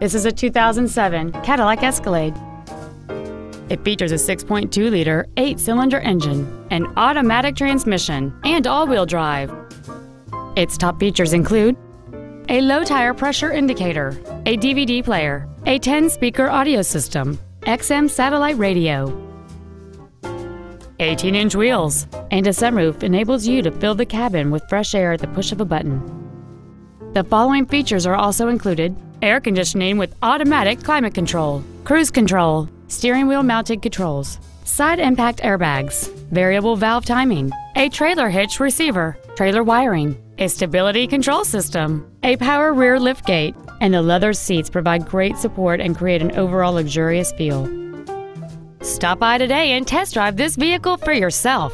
This is a 2007 Cadillac Escalade. It features a 6.2 liter, eight cylinder engine, an automatic transmission, and all wheel drive. Its top features include a low tire pressure indicator, a DVD player, a 10 speaker audio system, XM satellite radio, 18 inch wheels, and a sunroof enables you to fill the cabin with fresh air at the push of a button. The following features are also included air conditioning with automatic climate control, cruise control, steering wheel mounted controls, side impact airbags, variable valve timing, a trailer hitch receiver, trailer wiring, a stability control system, a power rear liftgate, and the leather seats provide great support and create an overall luxurious feel. Stop by today and test drive this vehicle for yourself.